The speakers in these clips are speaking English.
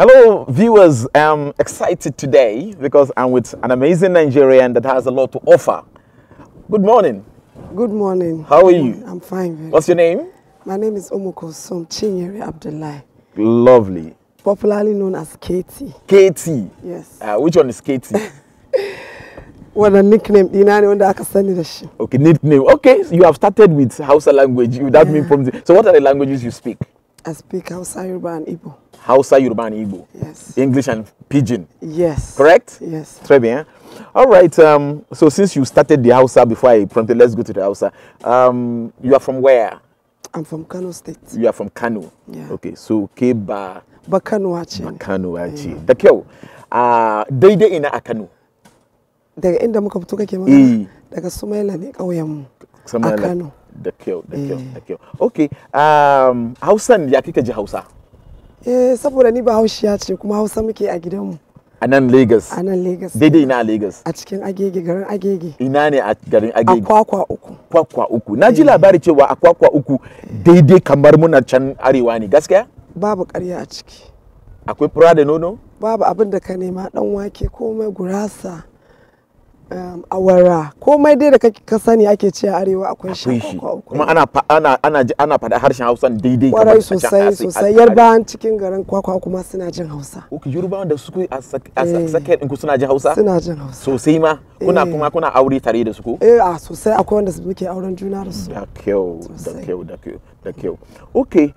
Hello, viewers. I'm excited today because I'm with an amazing Nigerian that has a lot to offer. Good morning. Good morning. How are you? I'm fine. What's your name? My name is Omokosum Chinyere Abdullahi. Lovely. Popularly known as Katie. Katie? Yes. Uh, which one is Katie? What a nickname. You know Okay, nickname. Okay, so you have started with Hausa language. That yeah. means So what are the languages you speak? I speak Hausa, Yoruba, and Igbo. Hausa, Yoruba, and Igbo. Yes. English and Pidgin. Yes. Correct? Yes. Très bien. All right. Um, so since you started the Hausa before I prompted, let's go to the Hausa. Um, you are from where? I'm from Kano State. You are from Kano. Yeah. Okay. So Keba. Bakano Achi. Bakano Achi. Da kyau. Uh, daidai ina a Kano. Daga inda muka fito kake mana? Eh. Daga Sumaila ne ƙauyenmu. mu A Kano. da kyau da kyau eh. da kyau okay um, hausan ya kika ji hausa eh saboda ni ba haushiya ce kuma hausa muke a gidanmu a nan lagos a nan lagos daidai ina a lagos a cikin agege garin agege ina ne a garin agege akwakwa uku kwakwa uku na ji eh. labari cewa akwakwa uku daidai kamar muna can arewa ne gaskiya babu karya a ciki akwai fura da nono babu abin da ka nema dan wake komai gurasa um, awara komai dai da ka sani ake ce a arewa akwai shi kuma ana ana ana ana faɗa harshen Hausa daidai kwarai sosai sosai yarbawan cikin garin kwakwa kuma suna jin Hausa okay yarbawan da su a eh. sake in ku suna jin Hausa suna jin Hausa sosai ma kuna eh. kuma kuna aure tare da su ko eh a sosai akwai wanda su muke auren juna da su da kyau da kyau da kyau da kyau okay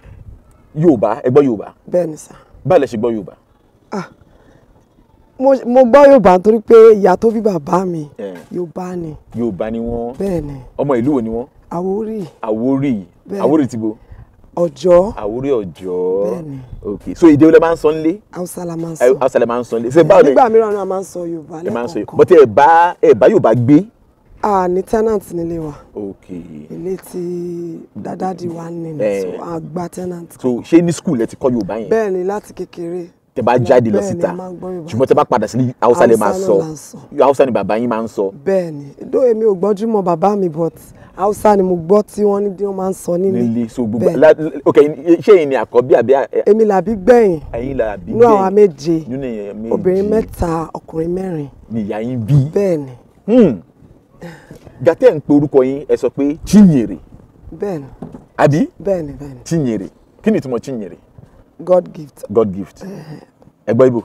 Yorùbá egbo gbọ́ Yorùbá bẹ́ẹ̀ ni sà báyìí mo gbọ́ yorùbá torí pé ìyá tó bí bàbá mi yorùbá ni. yorùbá ni wọ́n bẹ́ẹ̀ ni ọmọ ìlú wo ni wọ́n. àwórì. àwórì àwórì ti bo. ọjọ́. àwórì ọjọ́ bẹ́ẹ̀ ni. ok so èdè wo lẹ máa ń sọ nílé. haúsá la máa ń sọ haúsá la máa ń sọ nílé. ṣe báwo ni nígbà mìíràn náà máa ń sọ yorùbá lẹ́kọ̀ọ́ ẹ máa ń sọ yorùbá bọ́tẹ́ ẹ bá ẹ bá yorùbá gbé. a ní tenant nílé wa. ok ilé tí dádádì wa ní ni so a gba tenant. so ṣé ní school lẹ ti kọ́ yorùbá yẹn. bẹ́ẹ̀ ni láti kékeré tẹ bá jáde lọ síta ṣùgbọ́n tẹ bá padà sílé haúsá lè máa sọ haúsá ni bàbá yín máa ń sọ. bẹ́ẹ̀ni ló èmi ò gbọ́njú mọ́ bàbá mi but haúsá ni mo gbọ́ tí wọ́n ní bí wọ́n máa ń sọ nílé. nílé so gbogbo ok ṣé èyí ni àkọ́bí àbí. èmi làbí gbẹ̀yìn ẹ̀yin làbí gbẹ̀yìn nínú àwa méje obìnrin mẹ́ta ọkùnrin mẹ́rin. nìyá yín bí. bẹ́ẹ̀ni. Hmm. gàtẹ́ ń pe orúkọ yín ẹ sọ pé Chinyere. bẹ́ẹ̀ni. àbí. bẹ́ẹ̀ni bẹ́ẹ̀ni. Chinyere kí ni ìtumọ̀ Chinyere god gift. god gift eh. ẹ gbọ́ Igbo.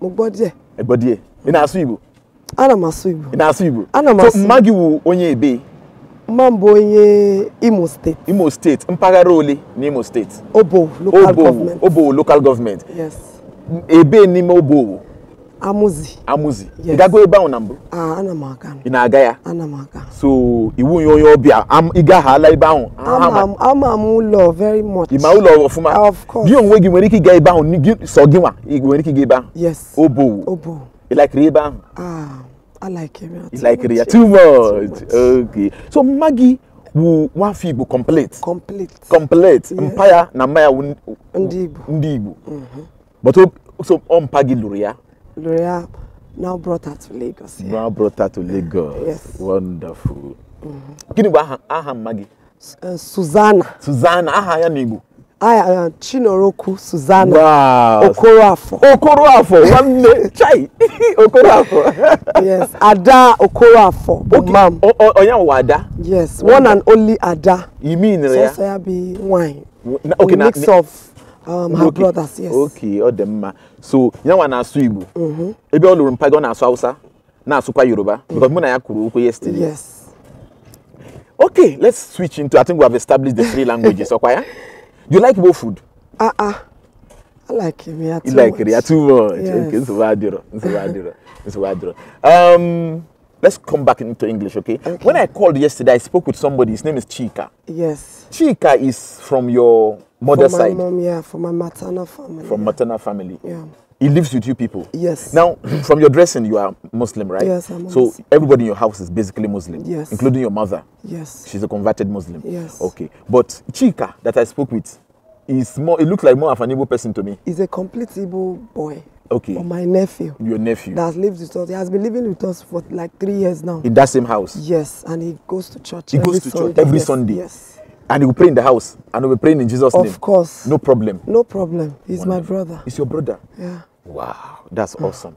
mo gbọ́ díẹ̀. ẹ díẹ̀ ị na-asụ Igbo. ana m asụ Igbo. ị na-asụ Igbo. ana m asụ so mma gị wụ onye ebe. mma m bụ onye Imo steeti. Imo steeti mpaghara ole n'Imo steeti. Obowo local government. Obowo local government. yes. ebe n'ime Obowo. amuzi amuzi amụzi ị gago ebe ahụ na mbụ ị na-aga ya so iwu nye onye ọbịa ị gaghala ebe ahụ ama m ụlọ very much ị ma ụlọ ọfụma gị onwe gị nwere ike ịga ebe ahụ sọ gị nwa nwere ike ịga ebe ahụ yes obo obo laikiri ebe ahụ ị laikiri ya too much okay so mma gị bụ nwafọ Igbo complete complete mpa ya na mma ya ndị Igbo mm-hmm. but so ọmpa gị lụrụ ya L'Oreal now brought her to Lagos. Yeah. Now brought her to Lagos. Yes. Wonderful. gini bụ aha aha mmadụ. Susanna. Susanna aha ya i am Chinorokwu Susanna. Wow. Okoroafọ. Okoroafọ nwanne chai Okoroafọ. Yes Ada Okoroafọ. Okay. Mam. Onye nwa Ada. Yes one and only Ada. You mean ya? Sọsọ ya be wine. Okay na mix of. Um, her okay. brothers, yes. Okay, ọ oh, them. mma. So, mm-hmm. mm. ya nwa na-asụ Igbo. Ebe ọ lụrụ mpa gị ọ na-asụ Hausa na-asụkwa Yoruba. Because mụ na ya kwuru okwu yesterday. Yes. Okay, let's switch into I think we have established the three languages. Okay. ya? You like both food? Ah uh ah. -uh. I like him. Yeah, too you like much. Yeah, too much. Yes. Okay, It's adịrọ, It's adịrọ, It's adịrọ. Um, let's come back into English, okay? okay? When I called yesterday, I spoke with somebody. His name is Chika. Yes. Chika is from your mother from side? Mom, yeah, from my maternal family. From maternal family. Yeah. He lives with you people. Yes. Now, from your dressing, you are Muslim, right? Yes, I'm Muslim. So everybody in your house is basically Muslim. Yes. Including your mother. Yes. She's a converted Muslim. Yes. Okay. But Chika that I spoke with, is more. It looks like more of an Igbo person to me. He's a complete evil boy. Okay. Or my nephew. Your nephew. That lives with us. He has been living with us for like three years now. In that same house. Yes, and he goes to church. He goes to Sunday. church every yes. Sunday. Yes. And he will pray in the house. And he will pray in Jesus' of name. Of course. No problem. No problem. He's Wonderful. my brother. He's your brother. Yeah. Wow. That's mm. awesome.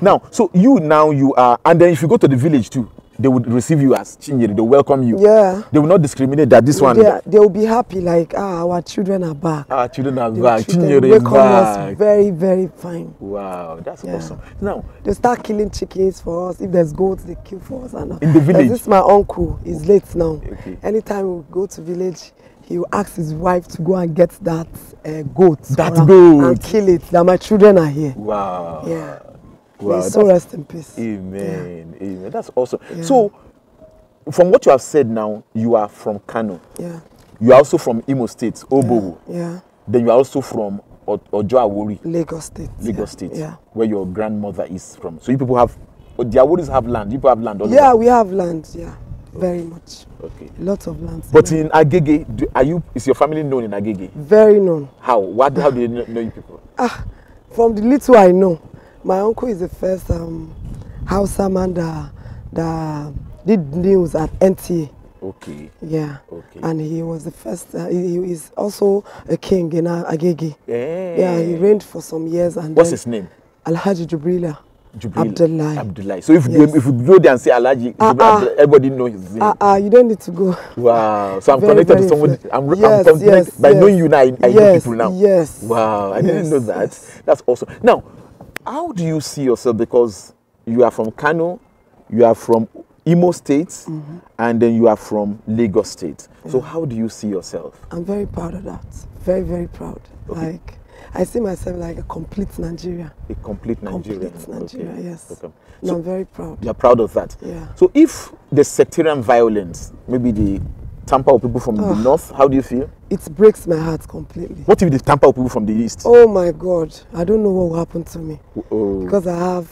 now, so you now you are, and then if you go to the village too, they would receive you as Chinyere. They welcome you. Yeah. They will not discriminate that this one. They, are, they will be happy like ah our children are back. Our children are back. Chinyere is back. welcome Us very very fine. Wow, that's yeah. awesome. Now they start killing chickens for us. If there's goats, they kill for us. And uh, in the village. This is my uncle. He's late now. Okay. Anytime we go to village, he will ask his wife to go and get that uh, goat. That goat. And kill it. That my children are here. Wow. Yeah. Wow, May so rest in peace. Amen. Yeah. Amen. That's awesome. Yeah. So, from what you have said now, you are from Kano. Yeah. You are also from Imo State, Obowo. Yeah. yeah. Then you are also from Ojo Awori. Lagos State. Lagos yeah. State. Yeah. Where your grandmother is from. So you people have, oh, the Aworis have land. You people have land. All yeah, over. we have land. Yeah. Very much. Okay. Lots of land. But in, in Agege, do, are you? Is your family known in Agege? Very known. How? What? How do you know you people? Ah, from the little I know my uncle is the first um, Hausa man that, that did news at NTA. Okay. Yeah. Okay. And he was the first. Uh, he, he is also a king in uh, Agege. Yeah. Yeah. He reigned for some years. And what's his name? Alhaji Jubrila. Jubril Abdullahi. Abdullahi. So if yes. you, if you go there and say Alhaji, uh, uh, everybody knows his name. Ah, uh, uh, you don't need to go. Wow. So I'm very, connected very to someone. I'm, yes, I'm connected yes, by yes. knowing you now. I, I yes, know people now. Yes. Wow. I yes, didn't know that. Yes. That's awesome. Now, How do you see yourself? Because you are from Kano, you are from Imo State, mm -hmm. and then you are from Lagos State. Yeah. So how do you see yourself? I'm very proud of that. Very, very proud. Okay. Like I see myself like a complete Nigeria. A complete Nigeria. Complete Nigeria, okay. yes. Okay. So no, I'm very proud. You're proud of that. Yeah. So if the sectarian violence, maybe the tamper with people from oh. the north? How do you feel? It breaks my heart completely. What if they tamper with people from the east? Oh my God. I don't know what will happen to me. Oh. oh. Because I have,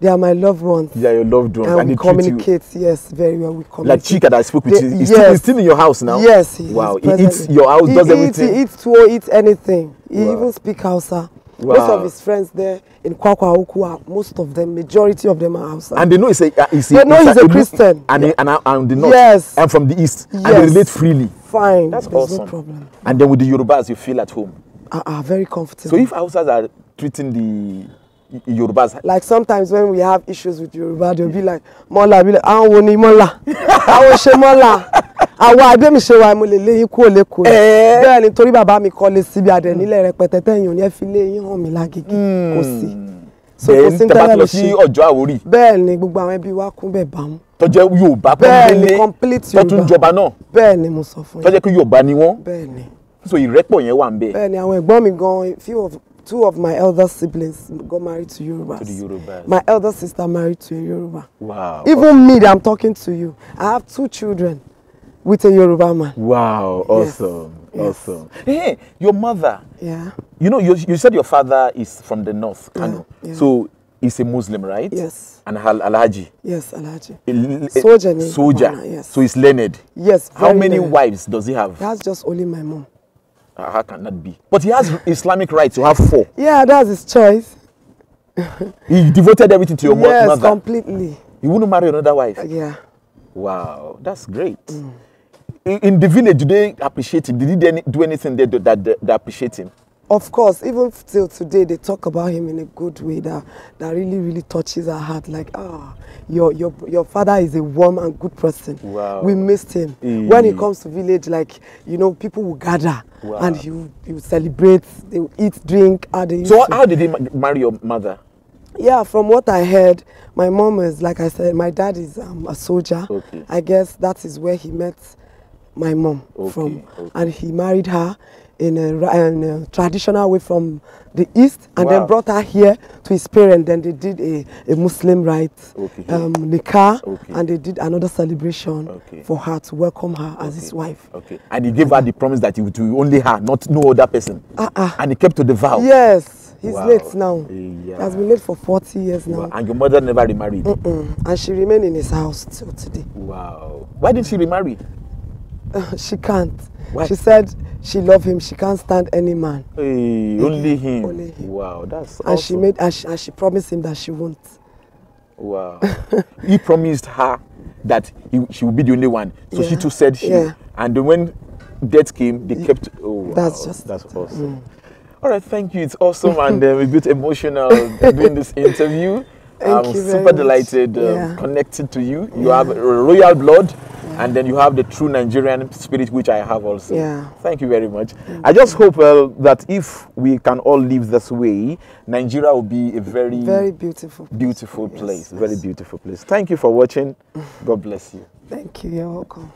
they are my loved ones. Yeah, your loved ones. And, and we communicate, yes, very well. We communicate. Like Chika that I spoke with, they, he's, yes. still, he's still in your house now? Yes, he Wow, is he eats your house, he does eats, everything? He eats tuwo, eats anything. He wow. even speaks Hausa. Wow. Most of his friends there in Kwakwa Oku are most of them, majority of them are outside. And they know he's a, uh, he's a, know he's a, a Christian. And, yeah. they, and, and they know. Yes. And from the East. Yes. And they relate freely. Fine. That's There's awesome. no problem. And then with the Yorubas, you feel at home. Are, ah, are ah, very comfortable. So if Hausas are treating the Yorubas. Like sometimes when we have issues with Yoruba, they'll yeah. be like, Mola, be like, I don't want Mola. I want mola àwọn abémìṣe wa mo lè léyìn kúrò lẹ́kọ̀ọ́ rẹ̀ bẹ́ẹ̀ ni torí bàbá mi kọ́lé síbi àdẹ̀ nílẹ̀ rẹpẹtẹ tẹ̀yìn òní ẹ̀ fi léyìn hàn mí lágége hmm. kò sí. so kò sí tẹ́lẹ̀ lọ sí ọjọ́ àwórì. bẹ́ẹ̀ ni gbogbo àwọn ẹbí wa kún bẹ̀ bá mu. tó jẹ́ Yorùbá pẹ̀lú ilé tó tún jọba náà. bẹ́ẹ̀ ni mo sọ fún yín. tó jẹ́ pé Yorùbá ni wọ́n. bẹ́ẹ̀ ni. so ìrẹ́pọ̀ yẹn wà ń bẹ̀. bẹ́ẹ̀ ni àwọn ẹ̀gbọ́n mi gan few of two of my elder siblings got married to Yorubas. To the Yorubas. My elder sister married to a Yoruba. Wow. Even okay. me that I'm talking to you, I have two children. with a Yoruba man. Wow, awesome, yes. awesome. Yes. Hey, your mother. Yeah. You know, you, you said your father is from the north, Kano. Yeah, yeah. So he's a Muslim, right? Yes. And Al Alhaji. Yes, Alhaji. Eh, soldier. Soldier. yes. So he's learned. Yes. How many learned. wives does he have? That's just only my mom. Uh, how can that be? But he has Islamic rights to have four. Yeah, that's his choice. he devoted everything to your yes, mother. Yes, completely. He wouldn't marry another wife. Uh, yeah. Wow, that's great. Mm. in the village, do they appreciate him? Did he do anything there that they, they appreciate him? Of course, even till today, they talk about him in a good way that, that really, really touches our heart. Like, ah, your, your, your father is a warm and good person. Wow. We missed him. Mm. When he comes to village, like, you know, people will gather wow. and he will, he will celebrate, they will eat, drink. How they so how did he marry your mother? Yeah, from what I heard, my mom is, like I said, my dad is um, a soldier. Okay. I guess that is where he met my mom okay, from, okay. and he married her in a, in a traditional way from the east, and wow. then brought her here to his parents. Then they did a, a Muslim rite, okay. um, nikah, okay. and they did another celebration okay. for her to welcome her as okay. his wife. Okay, and he gave her the promise that he would only her, not no other person. Uh -uh. And he kept to the vow. Yes. He's wow. late now. Yeah. He has been late for 40 years wow. now. And your mother never remarried? Mm -mm. And she remained in his house till today. Wow. Why did she remarry? she can't. Why? She said she loved him. She can't stand any man. Hey, only him. Only him. Wow, that's. And awesome. she made and she, and she promised him that she won't. Wow. he promised her that he, she would be the only one. So yeah. she too said she. Yeah. And when death came, they kept. Oh, that's just that's awesome. Mm. All right, thank you. It's awesome, and uh, we a bit emotional doing this interview. Thank I'm super delighted um, yeah. connected to you. You yeah. have royal blood. And then you have the true Nigerian spirit, which I have also. Yeah. Thank you very much. I just hope uh, that if we can all live this way, Nigeria will be a very, very beautiful, place. beautiful place. Yes, very beautiful place. Thank you for watching. God bless you. Thank you. You're welcome.